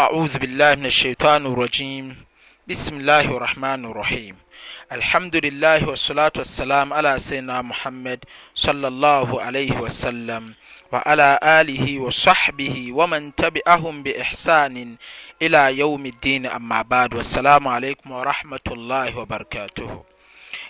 أعوذ بالله من الشيطان الرجيم بسم الله الرحمن الرحيم الحمد لله والصلاة والسلام على سيدنا محمد صلى الله عليه وسلم وعلى آله وصحبه ومن تبعهم بإحسان إلى يوم الدين أما بعد والسلام عليكم ورحمة الله وبركاته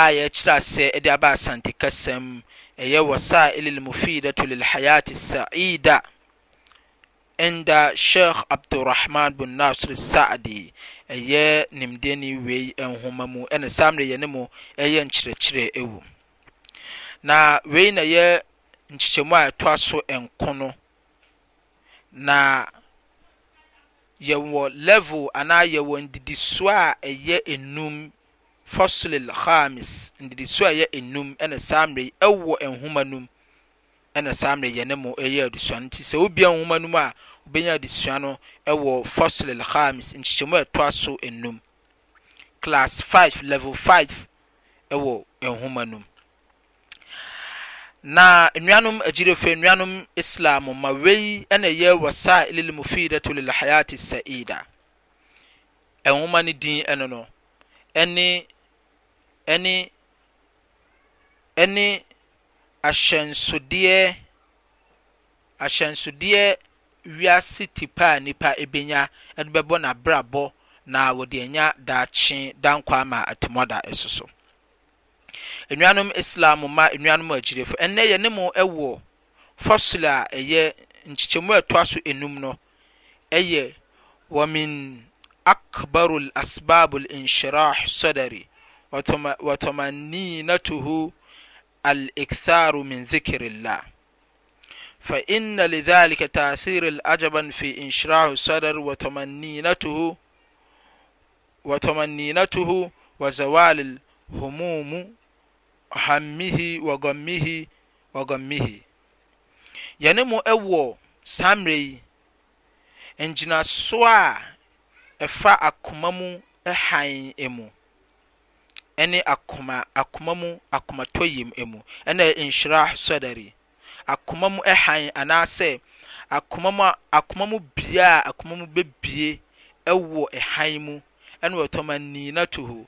a yɛkyerɛ sɛ ɛde aba asante kasɛm ɛyɛ wasail lmufidatu lilhayat saida inda sheikh abdurahman bin nasir sa'adi ɛyɛ nimdeni wei nhoma mu ɛna samre yɛne mu ɛyɛ nkyerɛkyerɛ ɛwu na wei na yɛ nkyekyɛmu a ɛtoa so no na yɛwɔ level anaa yɛwɔ ndidisoɔ a ɛyɛ enum faslil khamis ndidiso a ɛyɛ enum ɛna saa mmerɛ yi num ɛna saa mmerɛ yɛ ne mu ɛyɛ adesua no nti num a wobɛnya adesua no ɛwɔ faslil khamis nhyehyɛmu a ɛtoa so enum class 5 level 5 ɛwɔ nhoma num na nnuanom agyirefo nnuanom islam ma wei ɛna ɛyɛ wasa ilil mufidatu lil hayati sa'ida nwoma no din ɛno no ɛne ɛne ɛne ahyɛnsodeɛ ahyɛnsodeɛ wiase tipa a nipa bɛnya de bɛbɔ n'abrabɔ na wɔde anya daakye dankwa ama atemɔda ɛso so nnuanom islam ma nnuanom agyirefo ɛnnɛ yɛ ne mu ɛwɔ fossil a ɛyɛ nkyekyɛmu a ɛtoa so enum no ɛyɛ wɔmin akbarul asbabul inshirah sɔdari." وطمأنينته الإكثار من ذكر الله فإن لذلك تأثير الأجبا في إنشراح الصدر وطمأنينته وطمأنينته وزوال الهموم همه وغمه وغمه yɛne mu ɛwɔ saa mmerɛ yi ngyinasoɔ a ɛfa akoma ne akoma akoma mu akomatɔ yam mu ɛna nhyira sɔdari akoma mu hann anaasɛ akoma mu akoma mu bia a akoma mu bebie ɛwɔ hann mu ɛna wɔtɔ ma nina to ho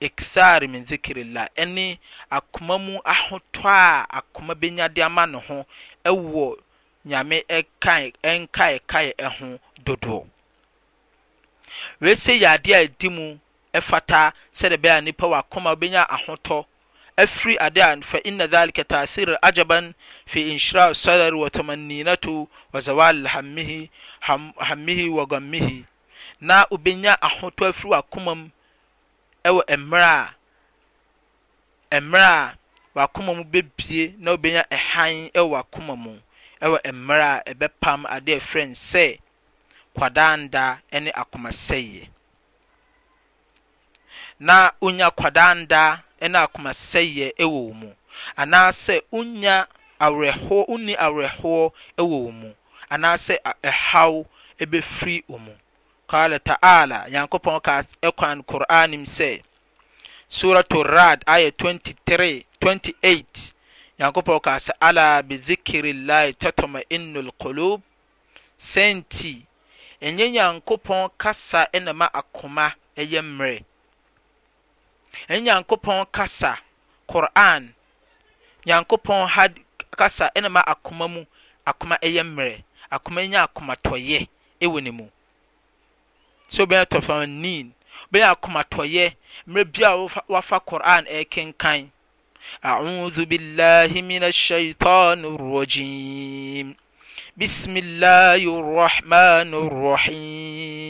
iksar min zikirila ɛne akoma mu ahotɔ a akoma benya de ama ne ho ɛwɔ nyame ɛkae ɛnkae kae ɛho dodoɔ wese yɛ a ɛdi mu ɛfata sɛde bɛyɛ a nipa wɔ akoma obɛnya ahotɔ afiri ade a fa inna dhalika ta'thir ajaban fi inshira sadar wa tamanninatu wa zawal hammihi hammihi wa gammihi na obɛnya ahotɔ afiri wakoma mu ɛwɔ mmerɛ a mmerɛ a wakoma mu bebie na obɛnya ɛhan ɛwɔ wakoma mu ɛwɔ mmerɛ a ɛbɛpam ade a ɛfrɛ sɛ kwadaanda ne akomasɛeɛ na onya kwadandaa na akomasɛ yɛ ɛwɔ mu anaasɛ oni awerɛhoɔ ɛwɔ mu anaasɛ ɛhaw bɛfri omu kala ta'ala nyankopɔn kaa ɛkwan kur'ani m sɛ surat rad aya 2328 nyankopɔn kaasɛ ala bedhikirillahi tɔtomainu alkolob senti ɛnyɛ nyankopɔn kasa ɛnama akoma yɛ mmerɛ ɛne nyankopɔn kasa Quran nyankopɔn had kasa ɛna ma akoma mu akoma ɛyɛ mmerɛ akoma nya akomatɔyɛ ɛwɔ ne mu so bɛyɛ tɔfanin bɛyɛ akomatɔyɛ mmerɛ bi a wafa koran ɛkenkan أعوذ بالله من الشيطان الرجيم بسم الله الرحمن الرحيم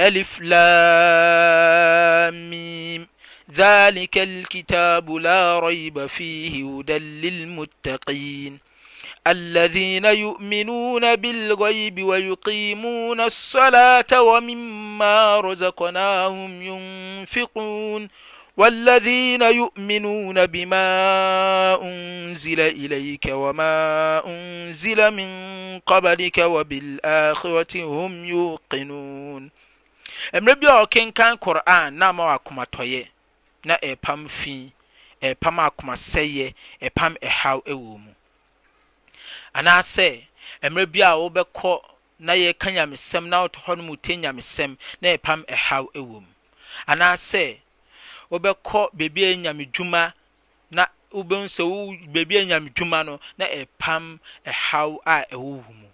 ألف لام ميم ذلك الكتاب لا ريب فيه هدى للمتقين الذين يؤمنون بالغيب ويقيمون الصلاة ومما رزقناهم ينفقون والذين يؤمنون بما أنزل إليك وما أنزل من قبلك وبالآخرة هم يوقنون mmerɛ bi a ɔkenkan koran na ama wɔ akomatɔyɛ na ɛpam fi ɛpam akomasɛyɛ ɛpam ɛhaw ɛwɔ mu anaasɛ mmerɛ bi a wɔbɛkɔ na yɛka nyamesɛm na wɔtɔ hɔ no mu te nyamesɛm na ɛpam ɛhaw ɛwɔ mu anaasɛ wɔbɛkɔ beebi a nyamedwuma na wobɛhu sɛ wo beebi a nyamedwuma no na ɛpam ɛhaw a ɛwɔ wɔ mu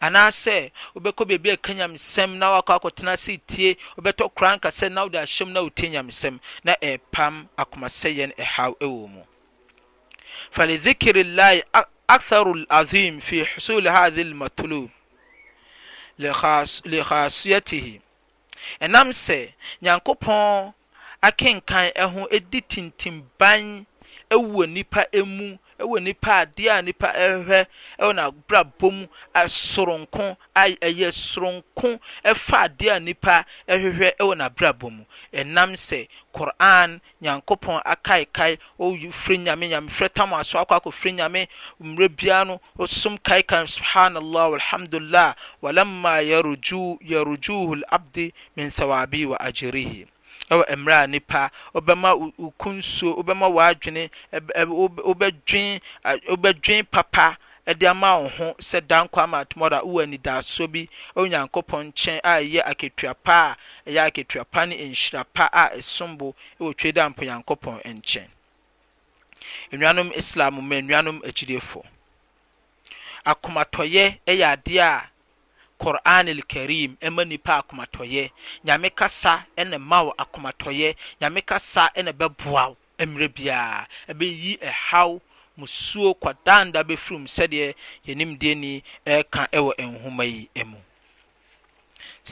anaasɛ wobɛkɔ birbi aka nyamesɛm na woakɔ akɔtena sɛ etie wobɛtɔ kora anka sɛ na wode ahyɛm na wotie nyamesɛm na ɛɛpam akomasɛ yɛn ɛhaw ɛwɔ mu fa ledhikrillahi akthar lasim fi usul hahe almatlub lehasiatihi ɛnam sɛ nyankopɔn akenkan ho ɛdi tintim ban ɛwa nnipa mu ɛwɔ nipa adeɛ a nipa ɛhwɛ ɛwɔ n'abrabɔ mu soronko ɛyɛ soronko ɛfa adeɛ a nipa ɛhwehwɛ ɛwɔ n'abrabɔ mu ɛnam sɛ koran nyankopɔn akaekae ɔfiri nyame nyame frɛ tam aso akɔ akɔfiri nyame mmerɛ biara no ɔsom kaekae subhanallah walhamdulillah walamma yarujuhu labdi min thawabihi wa ajrihi ɛwɔ mmerɛ a nipa ɔbɛma oku nsuo ɔbɛma wadwene ɔbɛdwin ɔbɛdwin papa ɛde ama wo ho sɛ da nkɔ ama tomorrow a wowɔ anidasoɔ bi onyankopɔn nkyɛn a ɛyɛ akatua pa a ɛyɛ akatua pa ne nhyira pa a ɛsom bo ɛwɔ twe da mpo nyankopɔn nkyɛn nnuanom islam ma nnuanom agyidiefoɔ akomatɔyɛ ɛyɛ adeɛ a qur'an karim e ma nipa akomatɔyɛ nyame kasa ɛna e ma wo akomatɔyɛ nyame kasa ɛna e bɛboa wo mmerɛ biara ɛbɛyi haw musuo kwadanda bɛfiri mu sɛdeɛ yɛnimdeɛ ɛka ɛwɔ nhoma yi mu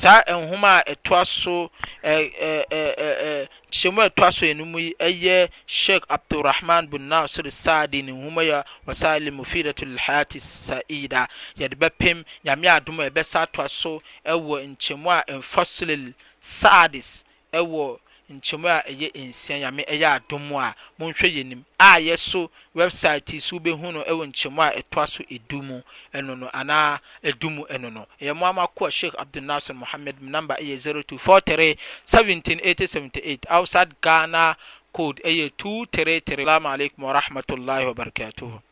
sa ɛnhoma a ɛtoa sonkyɛmu a ɛtoa so enomu yi ɛyɛ shiik abdurahman bunu naser sadi ne nhoma yɛ wasail imufidato lilhayati assaida yɛde bɛ pem nyame adom a ɛbɛsa atoa so ɛwɔ nkyɛmu a infossilel sardis wɔ nkyɛmu a ɛyɛ nsia yame ɛyɛ ado mu a monhwɛ yɛnim a yɛ so wɛbsete so wo bɛhu no ɛwɔ nkyɛmu a ɛtoa so edu mu ɛnono anaa ɛdu mu ɛnono yɛ moa mo akoa shek abdunaser mohamed m namber ɛyɛ 02 4 tee 17878 ousad ghana code ɛyɛ ttiretire asalamu aleikum wa rahmatollahi wa barakatuhu